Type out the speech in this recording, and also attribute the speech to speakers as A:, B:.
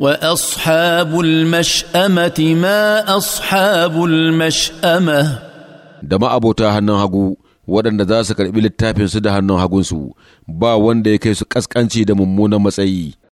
A: واصحاب المشامه ما اصحاب mash'ama.
B: da ma'abota hannun hagu waɗanda za su karɓi littafinsu da hannun hagunsu ba wanda ya kai su ƙasƙanci da mummunan matsayi